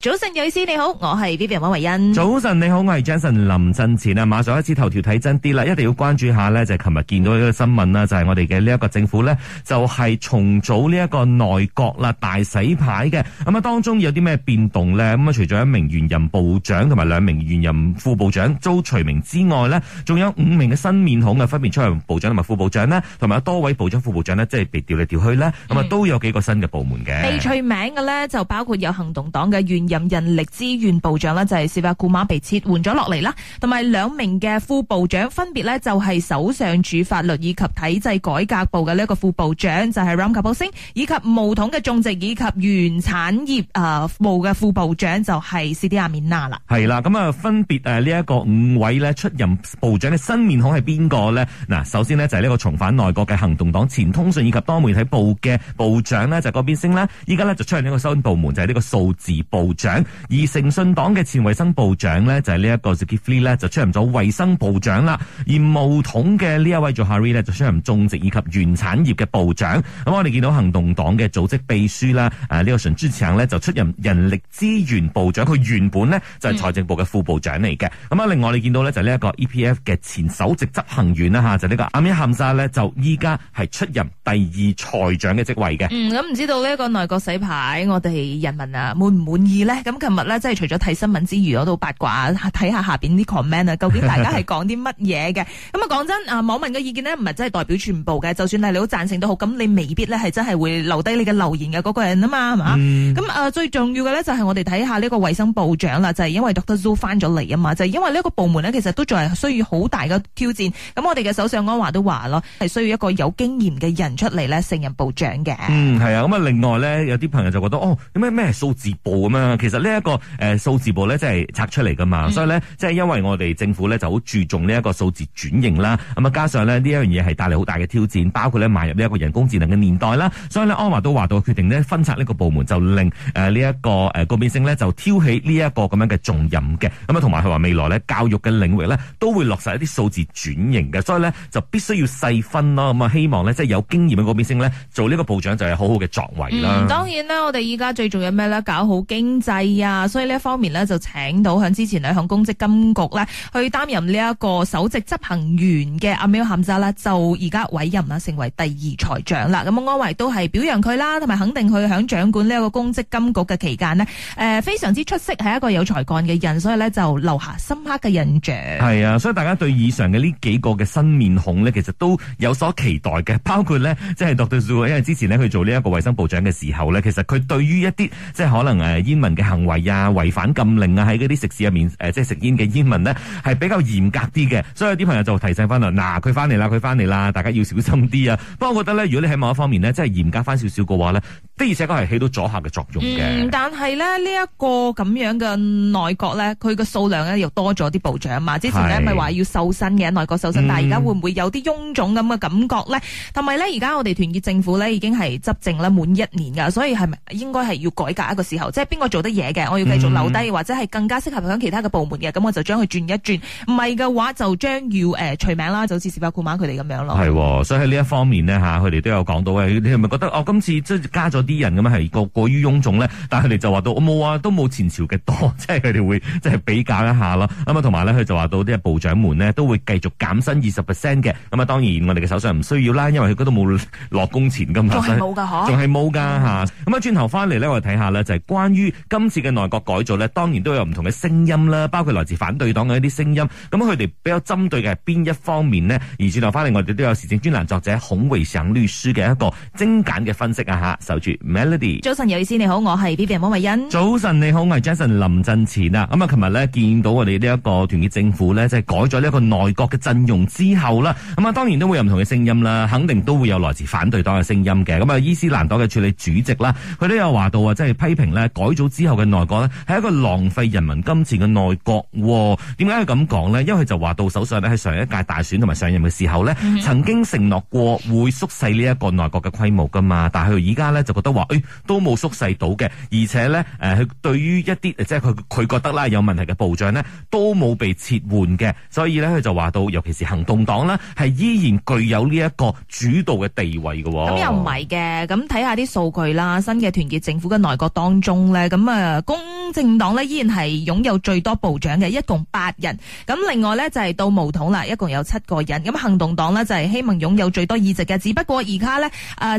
早晨，瑞意你好，我係 Vivian 溫慧欣。早晨你好，我係 Jason 林振前啊！馬上開始頭條睇真啲啦，一定要關注下呢，就係琴日見到一個新聞啦，就係、是、我哋嘅呢一個政府呢，就係重組呢一個內閣啦，大洗牌嘅。咁啊，當中有啲咩變動呢？咁啊，除咗一名原任部長同埋兩名原任副部長遭除名之外呢，仲有五名嘅新面孔啊，分別出任部長同埋副部長呢，同埋多位部長副部長呢，即係被調嚟調去呢。咁、嗯、啊，都有幾個新嘅部門嘅。被除名嘅呢，就包括有行動黨嘅原。任人力資源部長呢，就係斯瓦古馬被撤換咗落嚟啦，同埋兩名嘅副部長分別呢就係首相署法律以及體制改革部嘅呢一個副部長就係、是、Ramkarpal Singh 以及務統嘅種植以及原產業啊部嘅副部長就係斯蒂亞米娜啦。係啦，咁啊分別誒呢一個五位呢出任部長嘅新面孔係邊個呢？嗱，首先呢，就係呢個重返內閣嘅行動黨前通訊以及多媒體部嘅部長呢，就係戈比升啦，依家呢，就出現呢個新部門就係呢個數字部長。長而誠信黨嘅前衛生部長呢，就係呢一個 Dzulkefly 咧就出任咗衛生部長啦，而巫統嘅呢一位做 Johari 咧就出任種植以及原產業嘅部長。咁、嗯、我哋見到行動黨嘅組織秘書啦，誒，沈志強就出任人力資源部長。佢原本呢，就係財政部嘅副部長嚟嘅。咁、嗯、啊，另外你見到呢，就呢、是、一個 EPF 嘅前首席執行員啦吓、啊，就呢、是、個 Amir Hamzah 呢，就依家係出任第二財長嘅職位嘅。嗯，咁、嗯、唔知道呢一個內閣洗牌，我哋人民啊滿唔滿意呢？咁琴日咧，即係除咗睇新聞之餘，我都八卦睇下下面啲 comment 啊，究竟大家係講啲乜嘢嘅？咁啊，講真啊，網民嘅意見咧，唔係真係代表全部嘅。就算係你好贊成都好，咁你未必咧係真係會留低你嘅留言嘅嗰個人啊嘛，係嘛？咁啊，最重要嘅咧就係我哋睇下呢個衛生部長啦，就係、是、因為 doctor zoo 翻咗嚟啊嘛，就係、是、因為呢個部門咧，其實都仲係需要好大嘅挑戰。咁我哋嘅首相安華都話咯，係需要一個有經驗嘅人出嚟咧，成任部長嘅。係、嗯、啊。咁啊，另外咧，有啲朋友就覺得哦，有咩咩數字部咁啊？其實呢、這、一個誒、呃、數字部咧，即係拆出嚟噶嘛、嗯，所以咧即係因為我哋政府咧就好注重呢一個數字轉型啦，咁啊加上咧呢一樣嘢係帶嚟好大嘅挑戰，包括咧邁入呢一個人工智能嘅年代啦，所以呢，安華都話到決定呢分拆呢個部門，就令誒呢一個誒高變性呢，就挑起呢一個咁樣嘅重任嘅，咁、嗯、啊同埋佢話未來呢教育嘅領域呢，都會落實一啲數字轉型嘅，所以呢，就必須要細分咯，咁、嗯、啊希望呢，即係有經驗嘅高變性呢，做呢個部長就係好好嘅作為啦。嗯、當然啦，我哋依家最重要咩咧？搞好經濟。係啊，所以呢一方面呢，就請到響之前響公積金局呢去擔任呢一個首席執行員嘅 Amir Hamzah 咧，就而家委任啊成為第二財長啦。咁啊，安維都係表揚佢啦，同埋肯定佢響掌管呢一個公積金局嘅期間呢，誒非常之出色，係一個有才幹嘅人，所以呢就留下深刻嘅印象。係啊，所以大家對以上嘅呢幾個嘅新面孔呢，其實都有所期待嘅，包括呢，即係 doctor 蘇，因為之前呢去做呢一個衛生部長嘅時候呢，其實佢對於一啲即係可能誒、呃、英文。嘅行為啊，違反禁令啊，喺嗰啲食肆入面誒、呃，即係食煙嘅煙民呢，係比較嚴格啲嘅，所以有啲朋友就提醒翻啦，嗱、啊，佢翻嚟啦，佢翻嚟啦，大家要小心啲啊！不過我覺得呢，如果你喺某一方面一些些、嗯、呢，真係嚴格翻少少嘅話呢，的而且確係起到阻嚇嘅作用嘅。但係呢，呢一個咁樣嘅內閣呢，佢嘅數量呢，又多咗啲部長啊嘛，之前呢，咪話要瘦身嘅內閣瘦身，嗯、但係而家會唔會有啲臃腫咁嘅感覺呢？同埋呢，而家我哋團結政府呢，已經係執政啦滿一年㗎，所以係咪應該係要改革一個時候？即係邊個做得嘢嘅，我要繼續留低，或者係更加適合響其他嘅部門嘅，咁、嗯、我就將佢轉一轉，唔係嘅話就將要誒、呃、除名啦，就好似司法庫瑪佢哋咁樣咯。係、哦，所以喺呢一方面呢，吓，佢哋都有講到、哎、你係咪覺得哦，今次即加咗啲人咁係過於臃腫咧？但係佢哋就話到，我、哦、冇啊，都冇前朝嘅多，即係佢哋會即係比較一下囉。咁啊，同埋咧，佢就話到啲部長們呢，都會繼續減薪二十 percent 嘅。咁啊，當然我哋嘅首相唔需要啦，因為佢嗰度冇落工錢咁嘛，仲係冇噶，仲係冇噶吓。咁啊，轉頭翻嚟咧，啊、我哋睇下咧，就係關於今次嘅內閣改造咧，當然都有唔同嘅聲音啦，包括來自反對黨嘅一啲聲音。咁佢哋比較針對嘅係邊一方面呢？而轉頭翻嚟，我哋都有時政專欄作者孔維想律師嘅一個精簡嘅分析啊！吓，守住 Melody。早晨，有以先你好，我係 B B M 歐美欣。早晨你好，我係 Jason 林振前啊！咁啊，琴日呢見到我哋呢一個團結政府呢，即係改咗呢一個內閣嘅陣容之後啦，咁啊，當然都會有唔同嘅聲音啦，肯定都會有來自反對黨嘅聲音嘅。咁啊，伊斯蘭黨嘅處理主席啦，佢都有話到啊，即係批評呢改組。之後嘅內閣呢，係一個浪費人民金錢嘅內閣。點解佢咁講呢？因為佢就話到手上呢，喺上一屆大選同埋上任嘅時候呢，曾經承諾過會縮細呢一個內閣嘅規模噶嘛。但係佢而家呢，就覺得話，誒、欸、都冇縮細到嘅，而且呢，誒佢對於一啲即係佢佢覺得啦有問題嘅部長呢，都冇被撤換嘅。所以呢，佢就話到，尤其是行動黨呢，係依然具有呢一個主導嘅地位嘅。咁又唔係嘅，咁睇下啲數據啦。新嘅團結政府嘅內閣當中呢，咁誒，公正黨呢，依然係擁有最多部長嘅，一共八人。咁另外呢，就係到毛統啦，一共有七個人。咁行動黨呢，就係希望擁有最多議席嘅，只不過而家呢，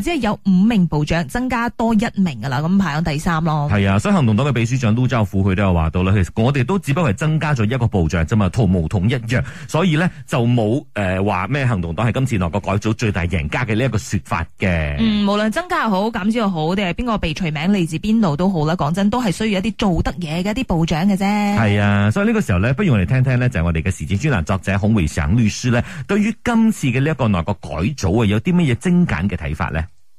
誒，即係有五名部長增加多一名噶啦，咁排喺第三咯。係啊，所以行動黨嘅秘書長陸兆福佢都有話到啦，其實我哋都只不過係增加咗一個部長啫嘛，同毛統一樣，所以呢，就冇誒話咩行動黨係今次內閣改組最大贏家嘅呢一個說法嘅。嗯，無論增加又好，減少又好，定係邊個被除名嚟自邊度都好啦，講真多。都係需要一啲做得嘢嘅一啲部長嘅啫。係啊，所以呢個時候咧，不如我哋聽聽咧，就係我哋嘅時政專欄作者孔維祥律師咧，對於今次嘅呢一個內閣改組啊，有啲乜嘢精簡嘅睇法咧？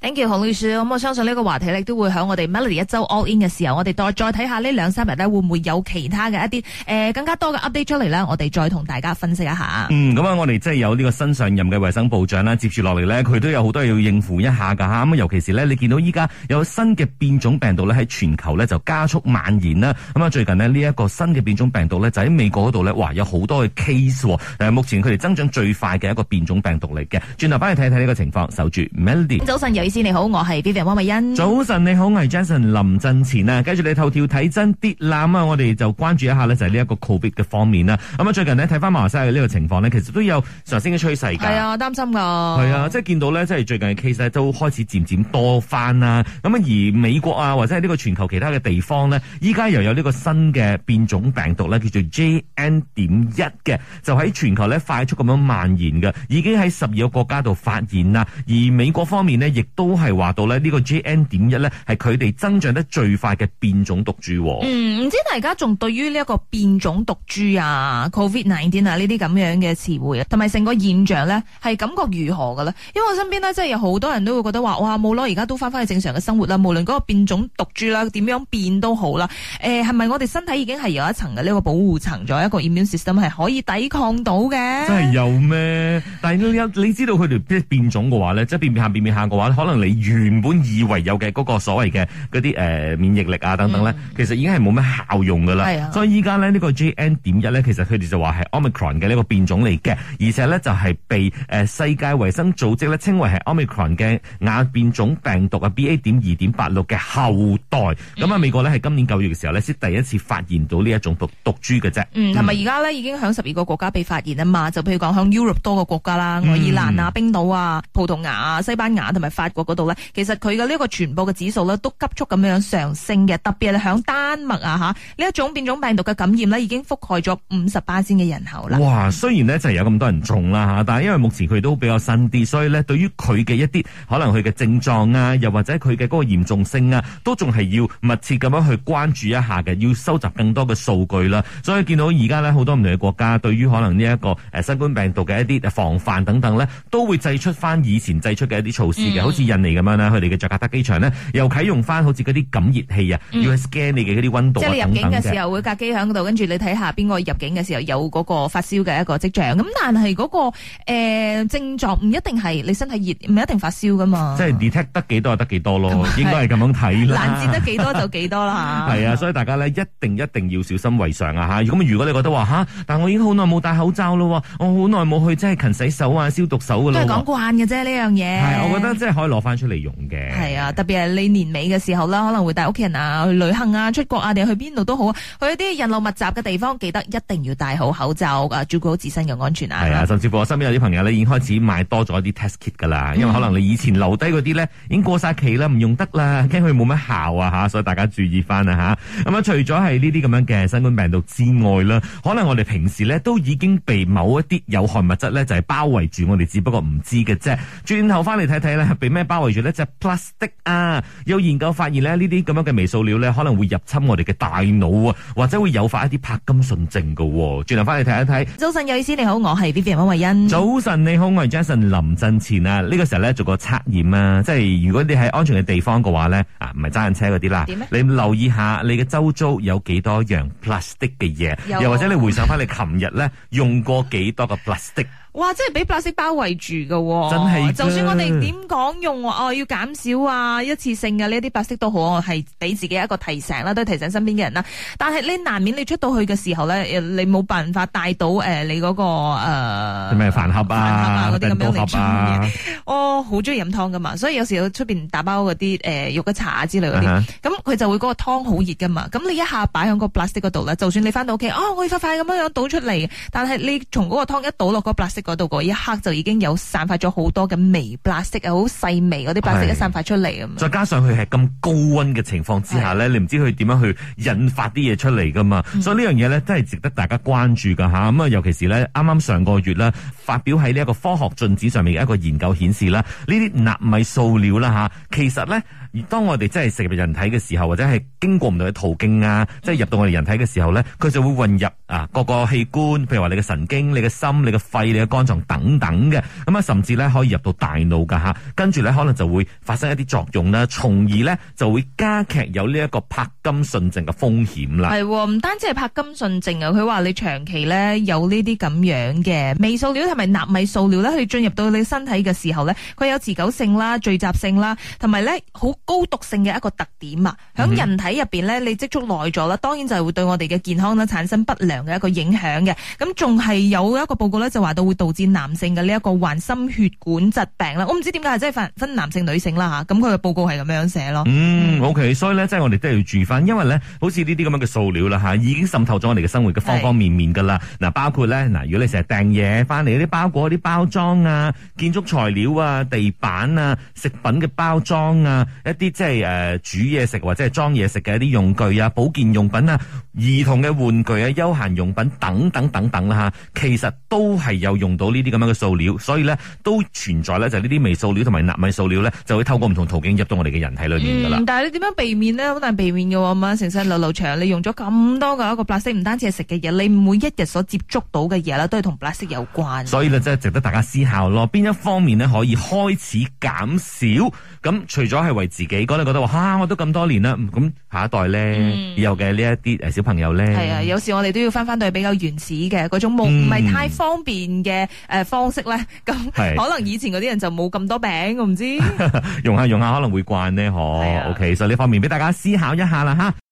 Thank you，洪律師，咁、嗯、我相信呢個話題咧都會喺我哋 Melody 一周 All In 嘅時候，我哋再再睇下呢兩三日咧會唔會有其他嘅一啲誒、呃、更加多嘅 update 出嚟咧，我哋再同大家分析一下。嗯、咁、嗯、啊、嗯，我哋即係有呢個新上任嘅衛生部長啦，接住落嚟呢佢都有好多嘢要應付一下噶吓。咁、嗯、尤其是呢，你見到依家有新嘅變種病毒咧喺全球咧就加速蔓延啦。咁、嗯、啊，最近呢，呢、這、一個新嘅變種病毒咧就喺美國嗰度咧，哇有好多嘅 case，誒、嗯、目前佢哋增長最快嘅一個變種病毒嚟嘅。轉頭翻去睇睇呢個情況，守住 Melody 早晨，由你好，我係 b v 汪美欣。早晨你好，我係 Jason 林振前啊。跟住你頭條睇真啲啦，我哋就關注一下呢，就係呢一個 COVID 嘅方面啦。咁啊，最近呢，睇翻馬來西亞嘅呢個情況呢，其實都有上升嘅趨勢噶。係啊，擔心噶。係啊，即係見到呢，即係最近嘅 case 都開始漸漸多翻啦。咁啊，而美國啊，或者係呢個全球其他嘅地方呢，依家又有呢個新嘅變種病毒呢，叫做 JN 點一嘅，就喺全球呢快速咁樣蔓延嘅，已經喺十二個國家度發現啦。而美國方面呢，亦都係話到咧，呢個 JN 點一咧係佢哋增長得最快嘅變種毒株。嗯，唔知大家仲對於呢一個變種毒株啊、Covid nineteen 啊呢啲咁樣嘅詞彙，同埋成個現象咧，係感覺如何噶啦？因為我身邊咧，真係有好多人都會覺得話，哇，冇咯，而家都翻翻去正常嘅生活啦。無論嗰個變種毒株啦，點樣變都好啦。誒、呃，係咪我哋身體已經係有一層嘅呢個保護層，仲有一個 immune system 係可以抵抗到嘅？真係有咩？ 但係你知道佢哋變種嘅話咧，即係變變下變變下嘅話咧，可能你原本以為有嘅嗰個所謂嘅嗰啲誒免疫力啊等等咧、嗯，其實已經係冇咩效用噶啦、啊。所以依家咧呢、呢個 JN 點一咧，其實佢哋就話係 Omicron 嘅呢個變種嚟嘅，而且咧就係、是、被誒、呃、世界衞生組織咧稱為係 Omicron 嘅亞變種病毒嘅 BA 點二點八六嘅後代。咁、嗯、啊、嗯，美國咧係今年九月嘅時候咧先第一次發現到呢一種毒毒株嘅啫。同、嗯、埋、嗯、而家咧已經響十二個國家被發現啊嘛，就譬如講響 Europe 多個國家啦、愛爾蘭啊、冰島啊、葡萄牙啊、西班牙同、啊、埋法。嗰度咧,其實佢嘅呢一個傳播嘅指數咧,都急速咁樣上升嘅。特別係響丹麥啊,吓呢一種變種病毒嘅感染咧,已經覆蓋咗五十八仙嘅人口啦。哇!雖然呢,就係有咁多人中啦吓,但係因為目前佢都比較新啲,所以呢,對於佢嘅一啲可能佢嘅症狀啊,又或者佢嘅嗰個嚴重性啊,都仲係要密切咁樣去關注一下嘅,要收集更多嘅數據啦。所以見到而家呢,好多唔同嘅國家,對於可能呢一個誒新冠病毒嘅一啲防範等等呢,都會祭出翻以前祭出嘅一啲措施嘅,好、嗯、似、像印尼咁樣啦，佢哋嘅着格德機場呢，又啟用翻，好似嗰啲感熱器啊、嗯，要 scan 你嘅嗰啲溫度啊等等，即係入境嘅時候會隔機喺嗰度，跟住你睇下邊個入境嘅時候有嗰個發燒嘅一個跡象。咁但係嗰、嗰個、呃、症狀唔一定係你身體熱，唔一定發燒噶嘛。即係 detect 得幾多就幾多咯、嗯，應該係咁樣睇啦。攔截得幾多就幾多啦嚇。係 啊，所以大家呢，一定一定要小心為上啊嚇。咁如，如果你覺得話嚇，但我已經好耐冇戴口罩咯，我好耐冇去即係勤洗手啊、消毒手噶啦。都係講慣嘅啫呢樣嘢。係，我覺得即係攞翻出嚟用嘅，係啊，特別係你年尾嘅時候啦，可能會帶屋企人啊去旅行啊、出國啊，定係去邊度都好，去一啲人流密集嘅地方，記得一定要戴好口罩，啊，照顧好自身嘅安全啊。係啊，甚至乎我身邊有啲朋友咧，已經開始買多咗一啲 test kit 噶啦，因為可能你以前留低嗰啲咧，已經過晒期啦，唔用得啦，驚佢冇乜效啊吓，所以大家注意翻啊吓。咁啊，除咗係呢啲咁樣嘅新冠病毒之外啦，可能我哋平時咧都已經被某一啲有害物質咧就係包圍住我哋，只不過唔知嘅啫。轉頭翻嚟睇睇咧，被咩？包圍住呢隻 plastic 啊！有研究發現咧，呢啲咁樣嘅微塑料咧，可能會入侵我哋嘅大腦啊，或者會誘發一啲帕金遜症噶轉頭翻嚟睇一睇。早晨，有意思，你好，我係 B B 王慧恩。早晨你好，我係 Jason 林振前啊。呢個時候咧做個測驗啊，即係如果你喺安全嘅地方嘅話咧，啊，唔係揸緊車嗰啲啦。點咧？你留意下你嘅周遭有幾多樣 plastic 嘅嘢，又或者你回想翻你琴日咧用過幾多個 plastic。 哇！真係俾 plastic 包圍住噶、哦，真係。就算我哋點講用哦，要減少啊，一次性嘅呢啲 plastic 都好，係俾自己一個提醒啦，都係提醒身邊嘅人啦。但係你難免你出到去嘅時候咧，你冇辦法帶到誒、呃，你嗰、那個誒咩飯盒啊，嗰啲咁樣嚟裝嘅。啊、 我好中意飲湯噶嘛，所以有時出邊打包嗰啲誒肉骨茶啊之類嗰啲，咁、uh、佢 -huh. 就會嗰個湯好熱噶嘛。咁你一下擺喺個 plastic 嗰度咧，就算你翻到屋企，哦，我會快快咁樣樣倒出嚟，但係你從嗰個湯一倒落個嗰度嗰一刻就已經有散發咗好多嘅微白色啊，好細微嗰啲白色嘅散發出嚟咁。再加上佢係咁高溫嘅情況之下咧，你唔知佢點樣去引發啲嘢出嚟噶嘛、嗯。所以呢樣嘢咧，真係值得大家關注噶吓。咁啊，尤其是咧，啱啱上個月咧發表喺呢一個《科學進展》上面嘅一個研究顯示啦，呢啲納米塑料啦吓，其實咧，當我哋真係食入人體嘅時候，或者係經過唔同嘅途徑啊、嗯，即係入到我哋人體嘅時候咧，佢就會混入啊各個器官，譬如話你嘅神經、你嘅心、你嘅肺、肝臟等等嘅，咁啊，甚至咧可以入到大腦噶吓，跟住咧可能就會發生一啲作用啦，從而咧就會加劇有呢一個柏金遜症嘅風險啦。係、哦，唔單止係柏金遜症啊，佢話你長期咧有呢啲咁樣嘅微塑料同埋納米塑料咧，佢進入到你身體嘅時候咧，佢有持久性啦、聚集性啦，同埋咧好高毒性嘅一個特點啊。響人體入邊咧，你積蓄耐咗啦，當然就係會對我哋嘅健康咧產生不良嘅一個影響嘅。咁仲係有一個報告咧，就話到會。導致男性嘅呢一個患心血管疾病啦，我唔知點解係真係分分男性女性啦嚇，咁佢嘅報告係咁樣寫咯。嗯，OK，所以咧即係我哋都要注意翻，因為咧好似呢啲咁樣嘅塑料啦嚇，已經滲透咗我哋嘅生活嘅方方面面噶啦。嗱，包括咧嗱，如果你成日訂嘢翻嚟嗰啲包裹、啲包裝啊、建築材料啊、地板啊、食品嘅包裝啊、一啲即係誒、呃、煮嘢食或者係裝嘢食嘅一啲用具啊、保健用品啊、兒童嘅玩具啊、休閒用品等等等等啦嚇，其實都係有用。用到呢啲咁樣嘅塑料，所以咧都存在咧，就係呢啲微塑料同埋納米塑料咧，就會透過唔同途徑入到我哋嘅人體裏面噶啦、嗯。但係你點樣避免咧？好難避免噶喎，咁啊成身流流長，你用咗咁多嘅一個 plastic，唔單止係食嘅嘢，你每一日所接觸到嘅嘢啦，都係同 plastic 有關。所以咧，真、就、係、是、值得大家思考咯。邊一方面咧可以開始減少？咁除咗係為自己嗰類覺得話、啊，我都咁多年啦，咁下一代咧、嗯，以後嘅呢一啲小朋友咧，係啊，有時我哋都要翻翻到比較原始嘅嗰種木，唔係太方便嘅。嗯誒、呃、方式咧，咁 可能以前嗰啲人就冇咁多餅，我唔知， 用下用下可能會慣呢。嗬、啊。OK，所以呢方面俾大家思考一下啦，吓。